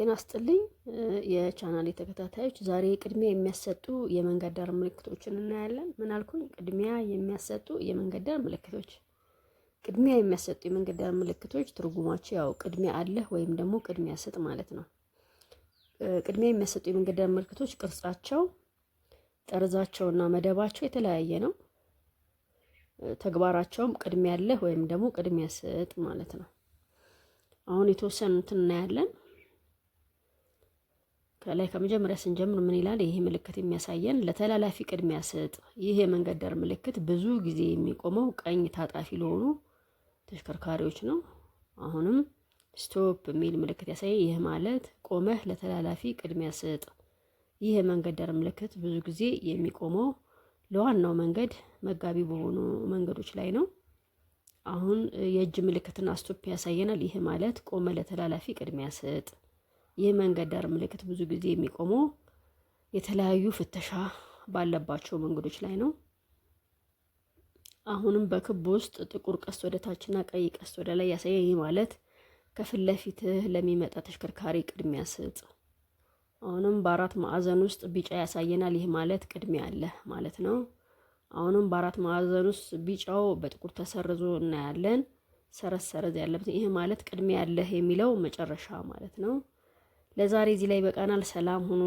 ጤና ስጥልኝ የቻናል ተከታታዮች፣ ዛሬ ቅድሚያ የሚያሰጡ የመንገድ ዳር ምልክቶችን እናያለን። ምን አልኩኝ? ቅድሚያ የሚያሰጡ የመንገድ ዳር ምልክቶች። ቅድሚያ የሚያሰጡ የመንገድ ዳር ምልክቶች ትርጉማቸው ያው ቅድሚያ አለህ ወይም ደግሞ ቅድሚያ ስጥ ማለት ነው። ቅድሚያ የሚያሰጡ የመንገድ ዳር ምልክቶች ቅርጻቸው፣ ጠርዛቸው እና መደባቸው የተለያየ ነው። ተግባራቸውም ቅድሚያ አለህ ወይም ደግሞ ቅድሚያ ስጥ ማለት ነው። አሁን የተወሰኑትን እናያለን። ከላይ ከመጀመሪያ ስንጀምር ምን ይላል? ይህ ምልክት የሚያሳየን ለተላላፊ ቅድሚያ ስጥ። ይህ የመንገድ ዳር ምልክት ብዙ ጊዜ የሚቆመው ቀኝ ታጣፊ ለሆኑ ተሽከርካሪዎች ነው። አሁንም ስቶፕ የሚል ምልክት ያሳየ። ይህ ማለት ቆመህ ለተላላፊ ቅድሚያ ስጥ። ይህ የመንገድ ዳር ምልክት ብዙ ጊዜ የሚቆመው ለዋናው መንገድ መጋቢ በሆኑ መንገዶች ላይ ነው። አሁን የእጅ ምልክትና ስቶፕ ያሳየናል። ይህ ማለት ቆመ ለተላላፊ ቅድሚያ ስጥ የመንገድ ዳር ምልክት ብዙ ጊዜ የሚቆመው የተለያዩ ፍተሻ ባለባቸው መንገዶች ላይ ነው። አሁንም በክብ ውስጥ ጥቁር ቀስት ወደ ታችና ቀይ ቀስት ወደ ላይ ያሳያል። ይህ ማለት ከፊት ለፊትህ ለሚመጣ ተሽከርካሪ ቅድሚያ ስጥ። አሁንም በአራት ማዕዘን ውስጥ ቢጫ ያሳየናል። ይህ ማለት ቅድሚያ አለ ማለት ነው። አሁንም በአራት ማዕዘን ውስጥ ቢጫው በጥቁር ተሰርዞ እናያለን። ሰረዝ ሰረዝ ያለበት ይህ ማለት ቅድሚያ አለህ የሚለው መጨረሻ ማለት ነው። ለዛሬ እዚህ ላይ በቃናል። ሰላም ሁኑ።